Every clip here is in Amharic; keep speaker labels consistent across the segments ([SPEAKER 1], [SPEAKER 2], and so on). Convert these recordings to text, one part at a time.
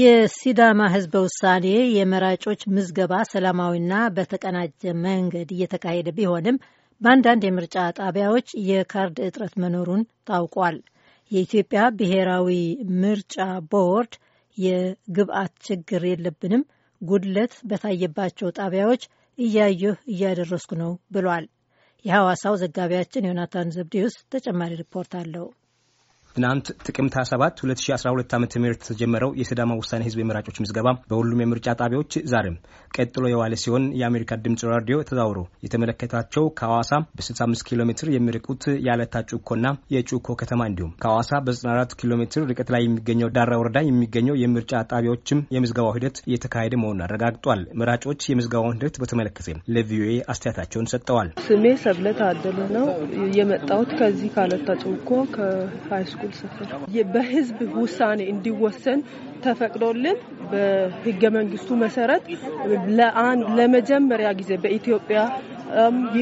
[SPEAKER 1] የሲዳማ ህዝበ ውሳኔ የመራጮች ምዝገባ ሰላማዊና በተቀናጀ መንገድ እየተካሄደ ቢሆንም በአንዳንድ የምርጫ ጣቢያዎች የካርድ እጥረት መኖሩን ታውቋል። የኢትዮጵያ ብሔራዊ ምርጫ ቦርድ የግብአት ችግር የለብንም፣ ጉድለት በታየባቸው ጣቢያዎች እያየሁ እያደረስኩ ነው ብሏል። የሐዋሳው ዘጋቢያችን ዮናታን ዘብዴዎስ ተጨማሪ ሪፖርት አለው። ትናንት ጥቅምት 27 2012 ዓ ም የተጀመረው የሲዳማ ውሳኔ ህዝብ የመራጮች ምዝገባ በሁሉም የምርጫ ጣቢያዎች ዛሬም ቀጥሎ የዋለ ሲሆን የአሜሪካ ድምፅ ራዲዮ ተዛውሮ የተመለከታቸው ከአዋሳ በ65 ኪሎ ሜትር የሚርቁት የአለታ ጩኮና የጩኮ ከተማ እንዲሁም ከአዋሳ በ94 ኪሎ ሜትር ርቀት ላይ የሚገኘው ዳራ ወረዳ የሚገኘው የምርጫ ጣቢያዎችም የምዝገባው ሂደት እየተካሄደ መሆኑን አረጋግጧል። መራጮች የምዝገባውን ሂደት በተመለከተ ለቪኦኤ አስተያየታቸውን ሰጥተዋል።
[SPEAKER 2] ስሜ ሰብለት ታደለ ነው። የመጣሁት ከዚህ ከአለታ ጩኮ ከሃይስኩል አምዶል ሰፈር በህዝብ ውሳኔ እንዲወሰን ተፈቅዶልን በህገ መንግስቱ መሰረት ለመጀመሪያ ጊዜ በኢትዮጵያ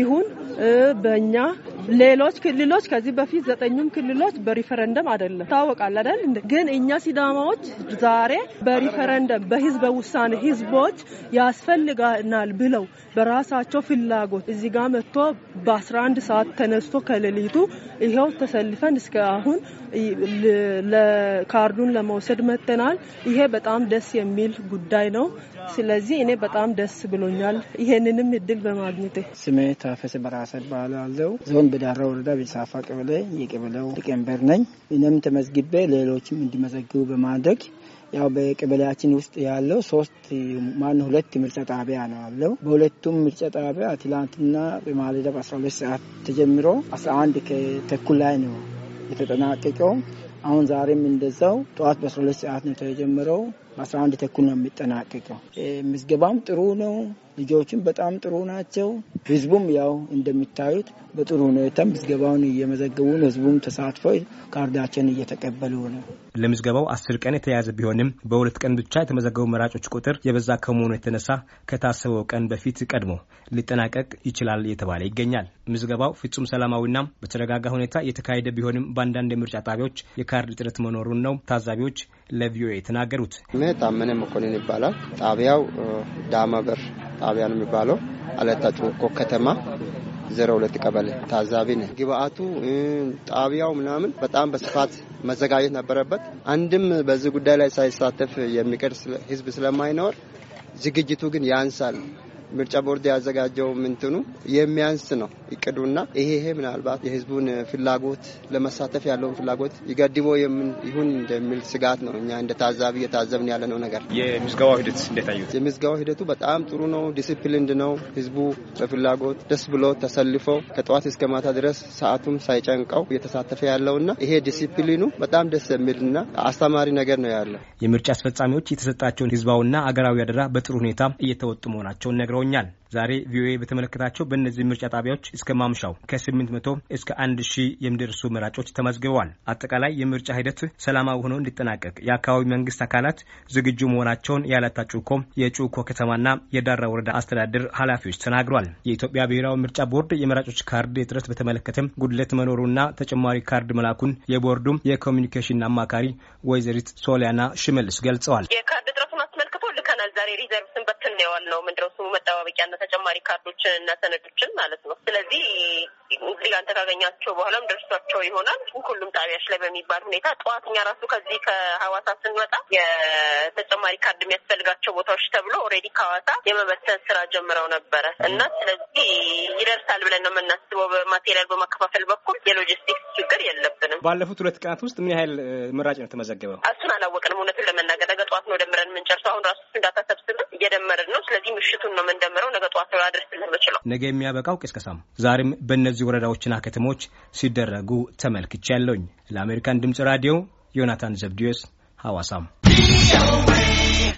[SPEAKER 2] ይሁን በእኛ ሌሎች ክልሎች ከዚህ በፊት ዘጠኙም ክልሎች በሪፈረንደም አይደለም ታወቃል አይደል? ግን እኛ ሲዳማዎች ዛሬ በሪፈረንደም በህዝበ ውሳኔ ህዝቦች ያስፈልጋናል ብለው በራሳቸው ፍላጎት እዚህ ጋር መጥቶ በ11 ሰዓት ተነስቶ ከሌሊቱ ይኸው ተሰልፈን እስከ አሁን ካርዱን ለመውሰድ መጥተናል። ይሄ በጣም ደስ የሚል ጉዳይ ነው። ስለዚህ እኔ በጣም ደስ ብሎኛል ይሄንንም እድል በማግኘቴ።
[SPEAKER 3] ስሜ ታፈስ በራሰ ባላለው ዞን በዳራ ወረዳ ቤሳፋ ቀበሌ የቀበሌው ሊቀመንበር ነኝ። እኔም ተመዝግቤ ሌሎችም እንዲመዘግቡ በማድረግ ያው በቀበሌያችን ውስጥ ያለው ሶስት ማን ሁለት ምርጫ ጣቢያ ነው ያለው። በሁለቱም ምርጫ ጣቢያ ትላንትና በማለዳ በ12 ሰዓት ተጀምሮ 11 ተኩል ላይ ነው የተጠናቀቀው። አሁን ዛሬም እንደዛው ጠዋት በ12 ሰዓት ነው የተጀመረው። በ11 ተኩል ነው የሚጠናቀቀው። ምዝገባም ጥሩ ነው። ልጆችም በጣም ጥሩ ናቸው። ህዝቡም ያው እንደሚታዩት በጥሩ ሁኔታ ምዝገባውን እየመዘገቡ ነው። ህዝቡም ተሳትፎ ካርዳቸውን እየተቀበሉ ነው።
[SPEAKER 1] ለምዝገባው አስር ቀን የተያዘ ቢሆንም በሁለት ቀን ብቻ የተመዘገቡ መራጮች ቁጥር የበዛ ከመሆኑ የተነሳ ከታሰበው ቀን በፊት ቀድሞ ሊጠናቀቅ ይችላል የተባለ ይገኛል። ምዝገባው ፍጹም ሰላማዊና በተረጋጋ ሁኔታ የተካሄደ ቢሆንም በአንዳንድ የምርጫ ጣቢያዎች ካርድ እጥረት መኖሩን ነው ታዛቢዎች ለቪኦኤ የተናገሩት።
[SPEAKER 4] እኔ ታመነ መኮንን ይባላል። ጣቢያው ዳማበር ጣቢያ ነው የሚባለው። አለታ ጩኮ ከተማ ዜሮ ሁለት ቀበሌ ታዛቢ ነ ግብአቱ ጣቢያው ምናምን በጣም በስፋት መዘጋጀት ነበረበት። አንድም በዚህ ጉዳይ ላይ ሳይሳተፍ የሚቀር ህዝብ ስለማይኖር ዝግጅቱ ግን ያንሳል። ምርጫ ቦርድ ያዘጋጀው ምንትኑ የሚያንስ ነው እቅዱና ይሄ ይሄ ምናልባት የህዝቡን ፍላጎት ለመሳተፍ ያለውን ፍላጎት ይገድቦ ይሁን እንደሚል ስጋት ነው። እኛ እንደ ታዛቢ እየታዘብን ያለ ነው ነገር
[SPEAKER 1] የምዝገባው ሂደት እንደታዩት
[SPEAKER 4] የምዝገባው ሂደቱ በጣም ጥሩ ነው። ዲስፕሊንድ ነው። ህዝቡ በፍላጎት ደስ ብሎ ተሰልፎ ከጠዋት እስከ ማታ ድረስ ሰዓቱም ሳይጨንቀው እየተሳተፈ ያለውና ይሄ ዲሲፕሊኑ በጣም ደስ የሚልና አስተማሪ ነገር ነው ያለው።
[SPEAKER 1] የምርጫ አስፈጻሚዎች የተሰጣቸውን ህዝባዊና አገራዊ አደራ በጥሩ ሁኔታ እየተወጡ መሆናቸውን ነግረው ነግረውኛል። ዛሬ ቪኦኤ በተመለከታቸው በእነዚህ ምርጫ ጣቢያዎች እስከ ማምሻው ከ800 እስከ 1000 የሚደርሱ መራጮች ተመዝግበዋል። አጠቃላይ የምርጫ ሂደት ሰላማዊ ሆኖ እንዲጠናቀቅ የአካባቢ መንግስት አካላት ዝግጁ መሆናቸውን ያላታ ጩኮ፣ የጩኮ ከተማና የዳራ ወረዳ አስተዳደር ኃላፊዎች ተናግሯል። የኢትዮጵያ ብሔራዊ ምርጫ ቦርድ የመራጮች ካርድ እጥረት በተመለከተም ጉድለት መኖሩና ተጨማሪ ካርድ መላኩን የቦርዱም የኮሚኒኬሽን አማካሪ ወይዘሪት ሶሊያና ሽመልስ ገልጸዋል።
[SPEAKER 2] ዛሬ ሪዘርቭስን በትን የዋል ነው ምንድነው ስሙ መጠባበቂያና ተጨማሪ ካርዶችን እና ሰነዶችን ማለት ነው። ስለዚህ እንግዲህ አንተ ካገኛቸው በኋላም ደርሷቸው ይሆናል ሁሉም ጣቢያዎች ላይ በሚባል ሁኔታ ጠዋት እኛ ራሱ ከዚህ ከሀዋሳ ስንወጣ የተጨማሪ ካርድ የሚያስፈልጋቸው ቦታዎች ተብሎ ኦልሬዲ ከሀዋሳ የመበተን ስራ ጀምረው ነበረ እና ስለዚህ ይደርሳል ብለን ነው የምናስበው። በማቴሪያል በማከፋፈል በኩል የሎጂስቲክስ ችግር የለብንም።
[SPEAKER 1] ባለፉት ሁለት ቀናት ውስጥ ምን ያህል መራጭ ነው ተመዘገበው?
[SPEAKER 2] እሱን አላወቅንም እውነቱን ለመናገር ነገ ጠዋት ነው ደምረን የምንጨርሰው አሁን ራሱ ስለዚህ ምሽቱን ነው የምንደምረው። ነገ ጠዋት ነው ላደርስልህ የምችለው።
[SPEAKER 1] ነገ የሚያበቃው ቅስቀሳም ዛሬም በእነዚህ ወረዳዎችና ከተሞች ሲደረጉ ተመልክቻለሁኝ። ለአሜሪካን ድምጽ ራዲዮ ዮናታን ዘብድዮስ ሐዋሳም